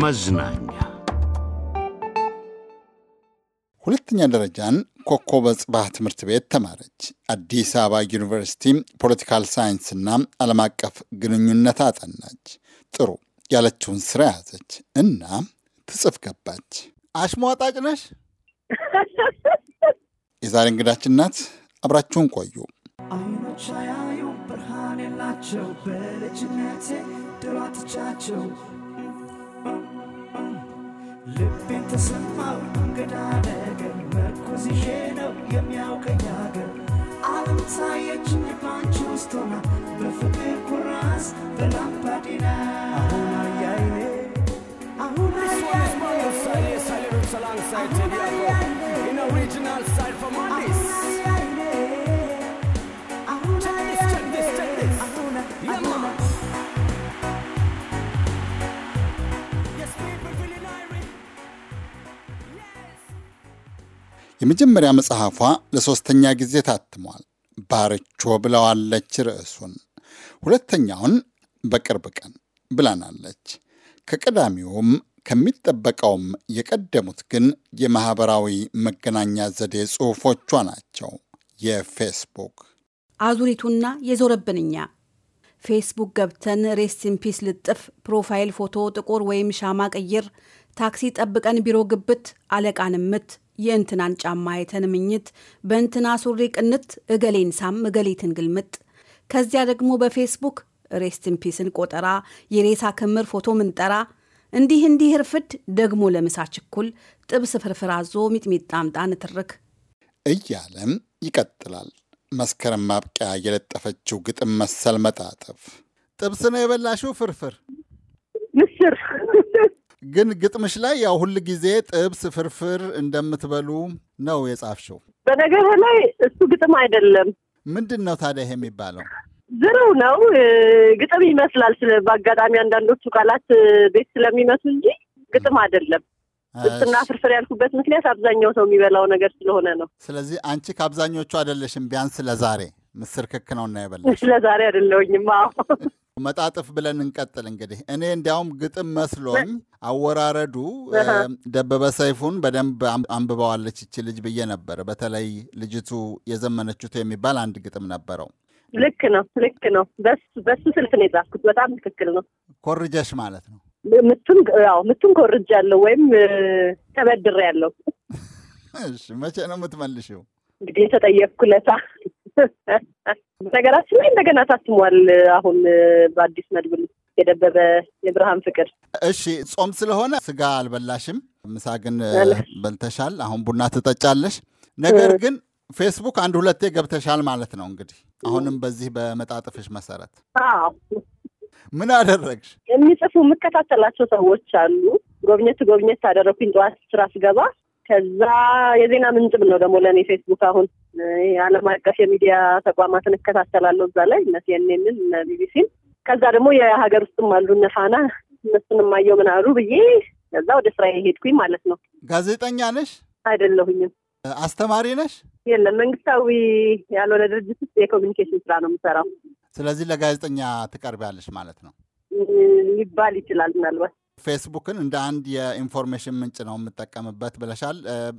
መዝናኛ ሁለተኛ ደረጃን ኮከበ ጽባህ ትምህርት ቤት ተማረች። አዲስ አበባ ዩኒቨርሲቲ ፖለቲካል ሳይንስና ዓለም አቀፍ ግንኙነት አጠናች። ጥሩ ያለችውን ስራ ያዘች እና ትጽፍ ገባች። አሽሟጣጭ ነሽ። የዛሬ እንግዳችን ናት። አብራችሁን ቆዩ። አይኖች አያዩ ብርሃን የላቸው በልጅነቴ ድሯትቻቸው ተሰማው እንግዳ ነገር መርኩዝ ነው የሚያውቀኝ ሀገር ዓለም ሳየችኝ ባንቺ ውስጥ ሆና በፍቅር ኩራዝ በላምባዲና አሁን አያይኔ አሁን አያይኔ የመጀመሪያ መጽሐፏ ለሦስተኛ ጊዜ ታትሟል። ባርቾ ብለዋለች ርዕሱን። ሁለተኛውን በቅርብ ቀን ብላናለች። ከቀዳሚውም ከሚጠበቀውም የቀደሙት ግን የማኅበራዊ መገናኛ ዘዴ ጽሑፎቿ ናቸው። የፌስቡክ አዙሪቱና የዞረብንኛ ፌስቡክ ገብተን ሬስቲንፒስ ልጥፍ፣ ፕሮፋይል ፎቶ ጥቁር ወይም ሻማ ቅይር፣ ታክሲ ጠብቀን ቢሮ ግብት፣ አለቃን ምት የእንትናን ጫማ አይተን ምኝት፣ በእንትና ሱሪ ቅንት፣ እገሌን ሳም እገሌትን ግልምጥ፣ ከዚያ ደግሞ በፌስቡክ ሬስትንፒስን ቆጠራ፣ የሬሳ ክምር ፎቶ ምንጠራ፣ እንዲህ እንዲህ እርፍድ፣ ደግሞ ለምሳ ችኩል ጥብስ ፍርፍር፣ አዞ ሚጥሚጣ አምጣ ንትርክ እያለም ይቀጥላል። መስከረም ማብቂያ የለጠፈችው ግጥም መሰል መጣጥፍ ጥብስ ነው የበላሽው ፍርፍር ምስር ግን ግጥምሽ ላይ ያው ሁል ጊዜ ጥብስ ፍርፍር እንደምትበሉ ነው የጻፍሽው። በነገር ላይ እሱ ግጥም አይደለም። ምንድን ነው ታዲያ ይሄ የሚባለው? ዝርው ነው ግጥም ይመስላል። በአጋጣሚ አንዳንዶቹ ቃላት ቤት ስለሚመስሉ እንጂ ግጥም አይደለም። ጥብስና ፍርፍር ያልኩበት ምክንያት አብዛኛው ሰው የሚበላው ነገር ስለሆነ ነው። ስለዚህ አንቺ ከአብዛኞቹ አይደለሽም፣ ቢያንስ ለዛሬ ምስር ክክ ነው እና የበላሽ። ለዛሬ አይደለሁኝም። መጣጥፍ ብለን እንቀጥል። እንግዲህ እኔ እንዲያውም ግጥም መስሎኝ አወራረዱ ደበበ ሰይፉን በደንብ አንብበዋለች ይቺ ልጅ ብዬ ነበር። በተለይ ልጅቱ የዘመነችቱ የሚባል አንድ ግጥም ነበረው። ልክ ነው፣ ልክ ነው። በሱ ስልት ነው የጻፍኩት። በጣም ትክክል ነው። ኮርጀሽ ማለት ነው። ምቱን ያው ምቱን ኮርጃለሁ ወይም ተበድሬያለሁ። እሺ፣ መቼ ነው የምትመልሽው? እንግዲህ የተጠየቅኩለታ ነገራችን ላይ እንደገና ታትሟል። አሁን በአዲስ መድብል የደበበ የብርሃን ፍቅር። እሺ ጾም ስለሆነ ስጋ አልበላሽም፣ ምሳ ግን በልተሻል። አሁን ቡና ትጠጫለሽ። ነገር ግን ፌስቡክ አንድ ሁለቴ ገብተሻል ማለት ነው እንግዲህ አሁንም በዚህ በመጣጥፍሽ መሰረት ምን አደረግሽ? የሚጽፉ የምከታተላቸው ሰዎች አሉ። ጎብኘት ጎብኘት ታደረግኩኝ ጠዋት ስራ ስገባ። ከዛ የዜና ምንጭም ነው ደግሞ ለእኔ ፌስቡክ አሁን የአለም አቀፍ የሚዲያ ተቋማትን እከታተላለሁ እዛ ላይ እነ ሲኤንኤንን እነ ቢቢሲን ከዛ ደግሞ የሀገር ውስጥም አሉ እነ ፋና እነሱን የማየው ምን አሉ ብዬ ከዛ ወደ ስራ የሄድኩኝ ማለት ነው። ጋዜጠኛ ነሽ? አይደለሁኝም። አስተማሪ ነሽ? የለም፣ መንግስታዊ ያልሆነ ድርጅት ውስጥ የኮሚኒኬሽን ስራ ነው የምሰራው። ስለዚህ ለጋዜጠኛ ትቀርቢያለሽ ማለት ነው ሊባል ይችላል ምናልባት ፌስቡክን እንደ አንድ የኢንፎርሜሽን ምንጭ ነው የምጠቀምበት ብለሻል።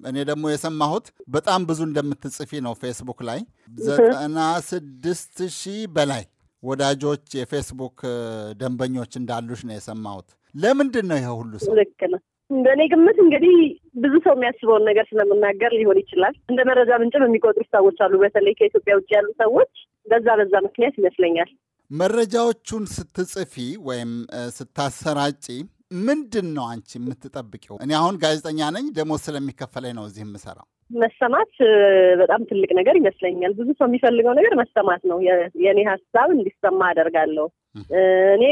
እኔ ደግሞ የሰማሁት በጣም ብዙ እንደምትጽፊ ነው። ፌስቡክ ላይ ዘጠና ስድስት ሺህ በላይ ወዳጆች የፌስቡክ ደንበኞች እንዳሉሽ ነው የሰማሁት። ለምንድን ነው ይሄ ሁሉ ሰው? ልክ በእኔ ግምት እንግዲህ ብዙ ሰው የሚያስበውን ነገር ስለምናገር ሊሆን ይችላል። እንደ መረጃ ምንጭም የሚቆጥሩ ሰዎች አሉ፣ በተለይ ከኢትዮጵያ ውጭ ያሉ ሰዎች። በዛ በዛ ምክንያት ይመስለኛል መረጃዎቹን ስትጽፊ ወይም ስታሰራጪ ምንድን ነው አንቺ የምትጠብቂው? እኔ አሁን ጋዜጠኛ ነኝ፣ ደሞዝ ስለሚከፈለኝ ነው እዚህ የምሰራው። መሰማት በጣም ትልቅ ነገር ይመስለኛል። ብዙ ሰው የሚፈልገው ነገር መሰማት ነው። የእኔ ሀሳብ እንዲሰማ አደርጋለሁ። እኔ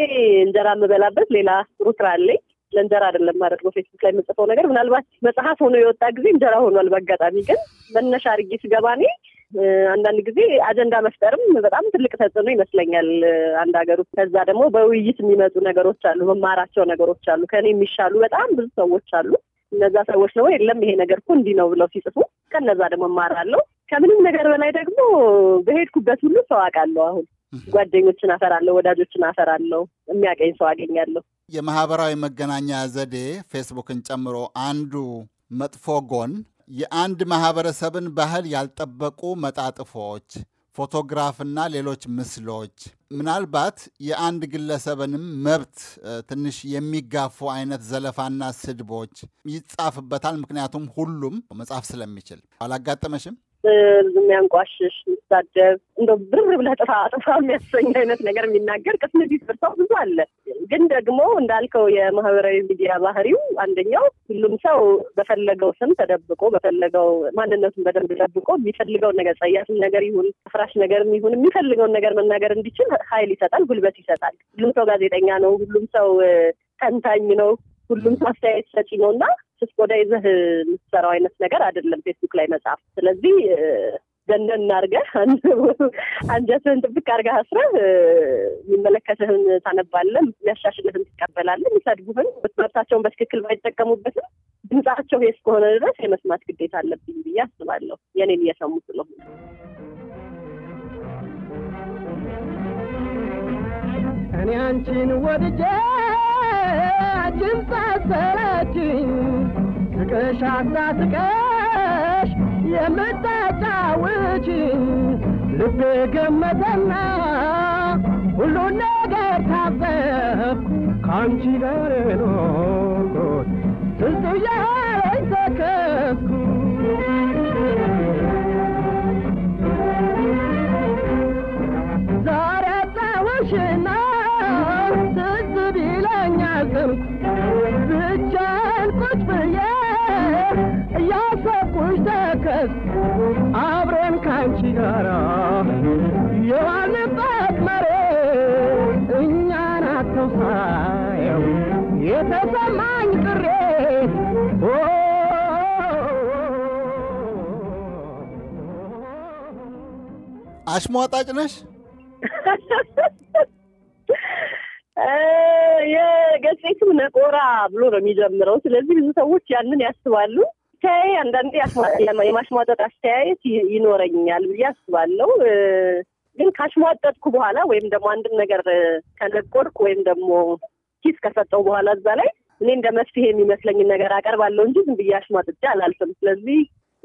እንጀራ የምበላበት ሌላ ጥሩ ስራ አለኝ። ለእንጀራ አይደለም ማደርገው ፌስቡክ ላይ የምጽፈው ነገር ምናልባት መጽሐፍ ሆኖ የወጣ ጊዜ እንጀራ ሆኗል። በአጋጣሚ ግን መነሻ አድርጌ ስገባ እኔ አንዳንድ ጊዜ አጀንዳ መፍጠርም በጣም ትልቅ ተጽዕኖ ይመስለኛል አንድ ሀገር ውስጥ። ከዛ ደግሞ በውይይት የሚመጡ ነገሮች አሉ፣ መማራቸው ነገሮች አሉ። ከኔ የሚሻሉ በጣም ብዙ ሰዎች አሉ። እነዛ ሰዎች ደግሞ የለም ይሄ ነገር እኮ እንዲህ ነው ብለው ሲጽፉ ከነዛ ደግሞ እማራለሁ። ከምንም ነገር በላይ ደግሞ በሄድኩበት ሁሉ ሰው አውቃለሁ። አሁን ጓደኞችን አፈራለሁ፣ ወዳጆችን አፈራለሁ፣ የሚያቀኝ ሰው አገኛለሁ። የማህበራዊ መገናኛ ዘዴ ፌስቡክን ጨምሮ አንዱ መጥፎ ጎን የአንድ ማህበረሰብን ባህል ያልጠበቁ መጣጥፎች፣ ፎቶግራፍና ሌሎች ምስሎች ምናልባት የአንድ ግለሰብንም መብት ትንሽ የሚጋፉ አይነት ዘለፋና ስድቦች ይጻፍበታል። ምክንያቱም ሁሉም መጻፍ ስለሚችል አላጋጠመሽም? የሚያንቋሽሽ የሚሳደብ እንደ ብርብር ብለህ ጥፋ ጥፋ የሚያሰኝ አይነት ነገር የሚናገር ቅስምዲስ ብርሰው ብዙ አለ። ግን ደግሞ እንዳልከው የማህበራዊ ሚዲያ ባህሪው አንደኛው ሁሉም ሰው በፈለገው ስም ተደብቆ በፈለገው ማንነቱን በደንብ ተደብቆ የሚፈልገውን ነገር ጸያፍን ነገር ይሁን ፍራሽ ነገር ይሁን የሚፈልገውን ነገር መናገር እንዲችል ኃይል ይሰጣል፣ ጉልበት ይሰጣል። ሁሉም ሰው ጋዜጠኛ ነው። ሁሉም ሰው ተንታኝ ነው። ሁሉም ሰው አስተያየት ሰጪ ነው እና ስስ ቆዳ ይዘህ የምትሰራው አይነት ነገር አይደለም ፌስቡክ ላይ መጻፍ። ስለዚህ ገነን አድርገህ አንጀትህን ጥብቅ አድርገህ አስረህ የሚመለከትህን ታነባለህ፣ የሚያሻሽልህን ትቀበላለህ። የሚሰድቡህን መብታቸውን በትክክል ባይጠቀሙበትም ድምጻቸው ሄስ ከሆነ ድረስ የመስማት ግዴታ አለብኝ ብዬ አስባለሁ የኔን እየሰሙ ስለሆነ እኔ አንቺን ወድጄ ፍቅራችን ሳሰላችን ስቅሽ አሳስቀሽ የምታጫውች ልቤ ገመተና ሁሉን ነገር ታዘብ ከአንቺ ጋር ኖርኩት ስንቱ ያለኝ ተከስኩ ጋራ የዋልንበት መሬት እኛን አተውሳየው የተሰማኝ ቅሬት አሽሟጣጭ ነሽ? የገጽቱ ነቆራ ብሎ ነው የሚጀምረው። ስለዚህ ብዙ ሰዎች ያንን ያስባሉ። አስተያየ አንዳንዴ የማሽሟጠጥ አስተያየት ይኖረኛል ብዬ አስባለሁ። ግን ካሽሟጠጥኩ በኋላ ወይም ደግሞ አንድን ነገር ከነቆርኩ ወይም ደግሞ ኪስ ከሰጠው በኋላ እዛ ላይ እኔ እንደ መፍትሄ የሚመስለኝን ነገር አቀርባለሁ እንጂ ዝም ብዬ አሽሟጥጬ አላልፍም። ስለዚህ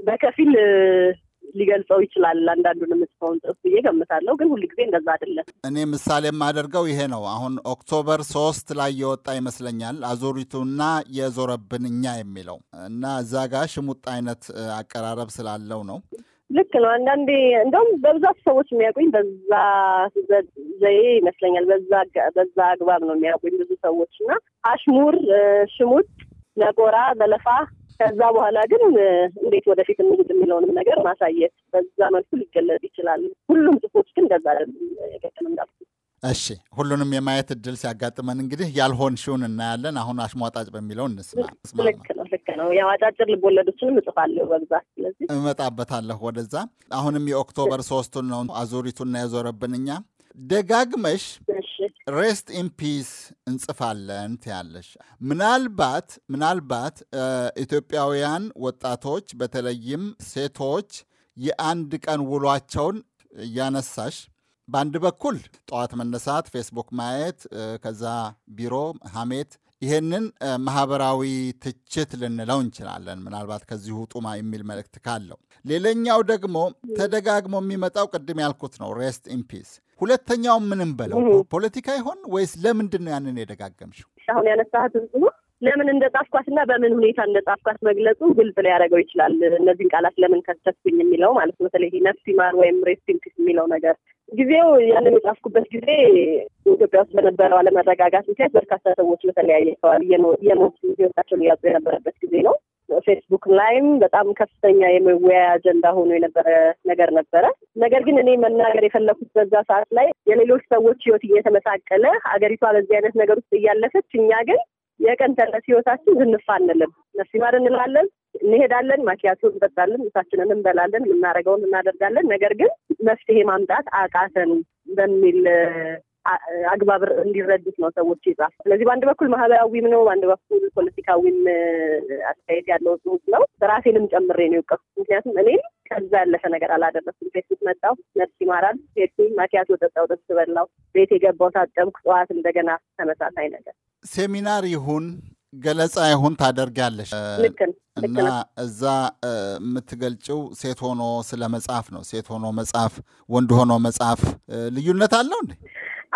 በከፊል ሊገልጸው ይችላል። አንዳንዱን እስካሁን ጥስ ብዬ ገምታለሁ፣ ግን ሁልጊዜ እንደዛ አይደለም። እኔ ምሳሌ የማደርገው ይሄ ነው። አሁን ኦክቶበር ሶስት ላይ የወጣ ይመስለኛል አዙሪቱና የዞረብን እኛ የሚለው እና እዛ ጋር ሽሙጥ አይነት አቀራረብ ስላለው ነው። ልክ ነው። አንዳንዴ እንደውም በብዛት ሰዎች የሚያውቁኝ በዛ ዘዬ ይመስለኛል። በዛ በዛ አግባብ ነው የሚያውቁኝ ብዙ ሰዎች እና አሽሙር፣ ሽሙጥ፣ ነቆራ፣ ዘለፋ ከዛ በኋላ ግን እንዴት ወደፊት እንሂድ የሚለውንም ነገር ማሳየት በዛ መልኩ ሊገለጽ ይችላል። ሁሉም ጽሁፎች ግን ገዛ ገጠም እንዳልኩ እሺ፣ ሁሉንም የማየት እድል ሲያጋጥመን እንግዲህ ያልሆን ሽውን እናያለን። አሁን አሽሟጣጭ በሚለው እንስማ። ልክ ነው፣ ልክ ነው። ያው አጫጭር ልቦለዶችንም እጽፋለሁ በብዛት ስለዚህ እመጣበታለሁ ወደዛ። አሁንም የኦክቶበር ሶስቱን ነው አዙሪቱና የዞረብን እኛ ደጋግመሽ ሬስት ኢን ፒስ እንጽፋለን ትያለሽ። ምናልባት ምናልባት ኢትዮጵያውያን ወጣቶች በተለይም ሴቶች የአንድ ቀን ውሏቸውን እያነሳሽ በአንድ በኩል ጠዋት መነሳት፣ ፌስቡክ ማየት፣ ከዛ ቢሮ ሀሜት ይሄንን ማህበራዊ ትችት ልንለው እንችላለን። ምናልባት ከዚሁ ውጡማ የሚል መልእክት ካለው ሌላኛው ደግሞ ተደጋግሞ የሚመጣው ቅድም ያልኩት ነው ሬስት ኢን ፒስ ሁለተኛውም ምንም በለው ፖለቲካ ይሆን ወይስ ለምንድን ነው ያንን የደጋገምሽው? አሁን ያነሳህትን ጽሁፍ ለምን እንደጻፍኳትና በምን ሁኔታ እንደጻፍኳት መግለጹ ግልጽ ሊያደርገው ይችላል። እነዚህን ቃላት ለምን ከሰትኩኝ የሚለው ማለት ነው። በተለይ ነፍስ ይማር ወይም ሬስት የሚለው ነገር ጊዜው ያንን የጻፍኩበት ጊዜ ኢትዮጵያ ውስጥ በነበረው አለመረጋጋት ምክንያት በርካታ ሰዎች በተለያየ አካባቢ ህይወታቸውን እያጡ የነበረበት ጊዜ ነው። ፌስቡክ ላይም በጣም ከፍተኛ የመወያያ አጀንዳ ሆኖ የነበረ ነገር ነበረ። ነገር ግን እኔ መናገር የፈለኩት በዛ ሰዓት ላይ የሌሎች ሰዎች ህይወት እየተመሳቀለ ሀገሪቷ በዚህ አይነት ነገር ውስጥ እያለፈች እኛ ግን የቀን ተቀን ህይወታችን ዝንፋ አንልም። ማር እንላለን፣ እንሄዳለን፣ ማኪያቱ እንጠጣለን፣ ምሳችንን እንበላለን፣ የምናደርገውን እናደርጋለን። ነገር ግን መፍትሄ ማምጣት አቃተን በሚል አግባብ እንዲረዱት ነው ሰዎች ይጻፍ። ስለዚህ በአንድ በኩል ማህበራዊም ነው፣ በአንድ በኩል ፖለቲካዊም አስተያየት ያለው ጽሁፍ ነው። ራሴንም ጨምሬ ነው የወቀፉት። ምክንያቱም እኔም ከዛ ያለፈ ነገር አላደረስኩም። ፌስቡክ መጣሁ፣ ነፍስ ይማራል፣ ሄድኩኝ፣ ማኪያቶ ጠጣሁ፣ ጥብስ በላሁ፣ ቤት የገባሁ ታጠብኩ፣ ጠዋት እንደገና ተመሳሳይ ነገር ሴሚናር ይሁን ገለጻ ይሁን ታደርጋለሽ እና እዛ የምትገልጭው ሴት ሆኖ ስለ መጽሐፍ ነው። ሴት ሆኖ መጽሐፍ፣ ወንድ ሆኖ መጽሐፍ ልዩነት አለው እንዴ?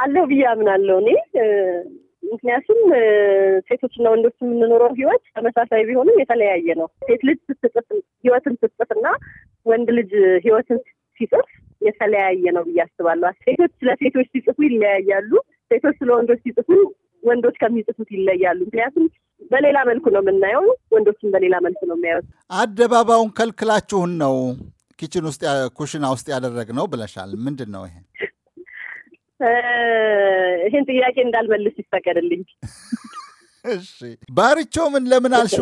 አለሁ ብዬ አምናለው እኔ ምክንያቱም ሴቶችና ወንዶች የምንኖረው ህይወት ተመሳሳይ ቢሆንም የተለያየ ነው። ሴት ልጅ ስትጽፍ ህይወትን ስትጽፍ እና ወንድ ልጅ ህይወትን ሲጽፍ የተለያየ ነው ብዬ አስባለሁ። ሴቶች ለሴቶች ሲጽፉ ይለያያሉ። ሴቶች ስለወንዶች ሲጽፉ ወንዶች ከሚጽፉት ይለያሉ። ምክንያቱም በሌላ መልኩ ነው የምናየው፣ ወንዶችን በሌላ መልኩ ነው የሚያዩት። አደባባዩን ከልክላችሁን ነው ኪችን ውስጥ ኩሽና ውስጥ ነው ብለሻል። ምንድን ነው ይሄ? ይህን ጥያቄ እንዳልመልስ ይፈቀድልኝ። እሺ ባርቾ ምን ለምን አልሹ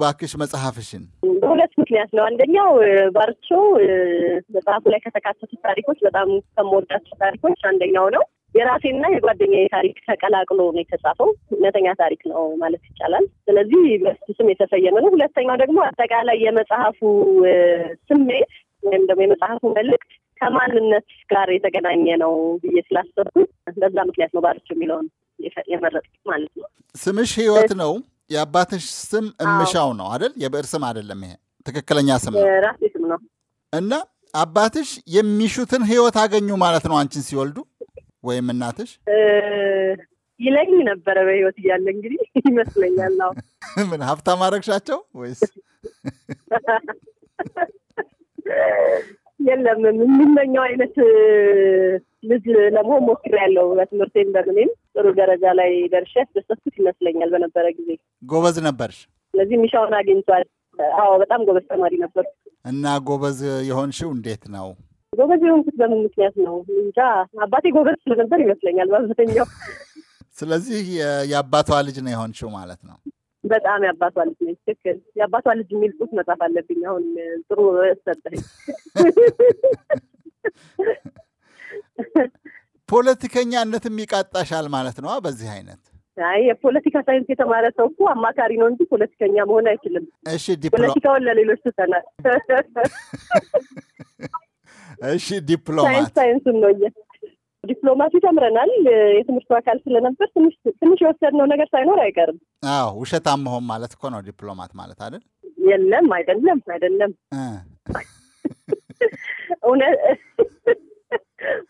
ባክሽ መጽሐፍሽን? በሁለት ምክንያት ነው። አንደኛው ባርቾ መጽሐፉ ላይ ከተካተቱ ታሪኮች በጣም ከምወዳቸው ታሪኮች አንደኛው ነው። የራሴና የጓደኛ ታሪክ ተቀላቅሎ ነው የተጻፈው። እውነተኛ ታሪክ ነው ማለት ይቻላል። ስለዚህ በሱ ስም የተሰየመ ነው። ሁለተኛው ደግሞ አጠቃላይ የመጽሐፉ ስሜት ወይም ደግሞ የመጽሐፉ መልእክት ከማንነት ጋር የተገናኘ ነው ብዬ ስላሰብኩኝ በዛ ምክንያት ነው ባርች የሚለውን የመረጥኩት ማለት ነው። ስምሽ ህይወት ነው። የአባትሽ ስም እምሻው ነው አይደል? የብዕር ስም አይደለም። ይሄ ትክክለኛ ስም ነው፣ ራሴ ስም ነው እና አባትሽ የሚሹትን ህይወት አገኙ ማለት ነው አንቺን ሲወልዱ ወይም እናትሽ ይለኝ ነበረ በህይወት እያለ እንግዲህ ይመስለኛል። ምን ሀብታም አደረግሻቸው ወይስ የለም የምመኘው አይነት ልጅ ለመሆን ያለው በትምህርት በምኔም ጥሩ ደረጃ ላይ ደርሼ ያስደሰትኩት ይመስለኛል። በነበረ ጊዜ ጎበዝ ነበርሽ። ስለዚህ ሚሻውን አግኝቷል። አዎ በጣም ጎበዝ ተማሪ ነበር። እና ጎበዝ የሆንሽው እንዴት ነው? ጎበዝ የሆንኩት በምን ምክንያት ነው? እንጃ አባቴ ጎበዝ ስለነበር ይመስለኛል በአብዛኛው። ስለዚህ የአባቷ ልጅ ነው የሆንሽው ማለት ነው? በጣም የአባቷ ልጅ ነች። ትክክል የአባቷ ልጅ የሚል ጽሑፍ መጻፍ አለብኝ። አሁን ጥሩ ሰጠኝ። ፖለቲከኛነት የሚቃጣሻል ማለት ነው በዚህ አይነት አይ የፖለቲካ ሳይንስ የተማረ ሰው እኮ አማካሪ ነው እንጂ ፖለቲከኛ መሆን አይችልም። እሺ ፖለቲካውን ለሌሎች ትተናል። እሺ ዲፕሎማት ሳይንስ ሳይንሱን ነው ዲፕሎማሲ ተምረናል። የትምህርቱ አካል ስለነበር ትንሽ የወሰድነው ነገር ሳይኖር አይቀርም። አዎ ውሸታም መሆን ማለት እኮ ነው ዲፕሎማት ማለት አይደል? የለም አይደለም፣ አይደለም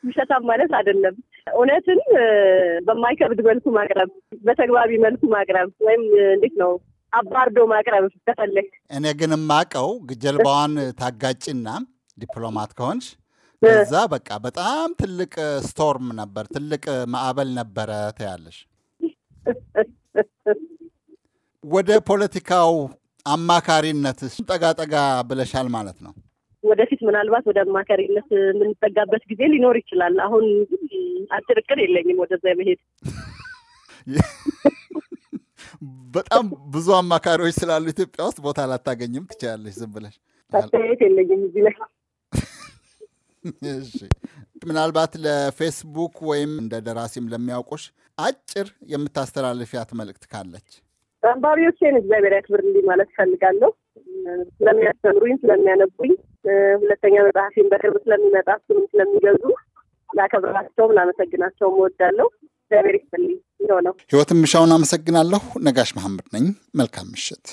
ውሸታም ማለት አይደለም። እውነትን በማይከብድ መልኩ ማቅረብ፣ በተግባቢ መልኩ ማቅረብ ወይም እንዴት ነው አባርዶ ማቅረብ ከፈለግ። እኔ ግን የማውቀው ጀልባዋን ታጋጭና ዲፕሎማት ከሆንሽ እዛ በቃ በጣም ትልቅ ስቶርም ነበር፣ ትልቅ ማዕበል ነበረ ትያለሽ። ወደ ፖለቲካው አማካሪነትስ ጠጋጠጋ ብለሻል ማለት ነው። ወደፊት ምናልባት ወደ አማካሪነት የምንጠጋበት ጊዜ ሊኖር ይችላል። አሁን አጭር እቅድ የለኝም ወደዛ የመሄድ በጣም ብዙ አማካሪዎች ስላሉ ኢትዮጵያ ውስጥ ቦታ ላታገኝም ትችላለች። ዝም ብለሽ አስተያየት የለኝም እዚህ ላይ ምናልባት ለፌስቡክ ወይም እንደ ደራሲም ለሚያውቁሽ አጭር የምታስተላልፊያት መልእክት ካለች? አንባቢዎቼን እግዚአብሔር ያክብርልኝ ማለት እፈልጋለሁ። ስለሚያስተምሩኝ፣ ስለሚያነቡኝ፣ ሁለተኛ መጽሐፌን በቅርብ ስለሚመጣ እሱንም ስለሚገዙ ላከብራቸውም ላመሰግናቸውም እወዳለሁ። እግዚአብሔር ይክፈልኝ። ይኸው ነው። ህይወት ምሻውን አመሰግናለሁ። ነጋሽ መሐመድ ነኝ። መልካም ምሽት።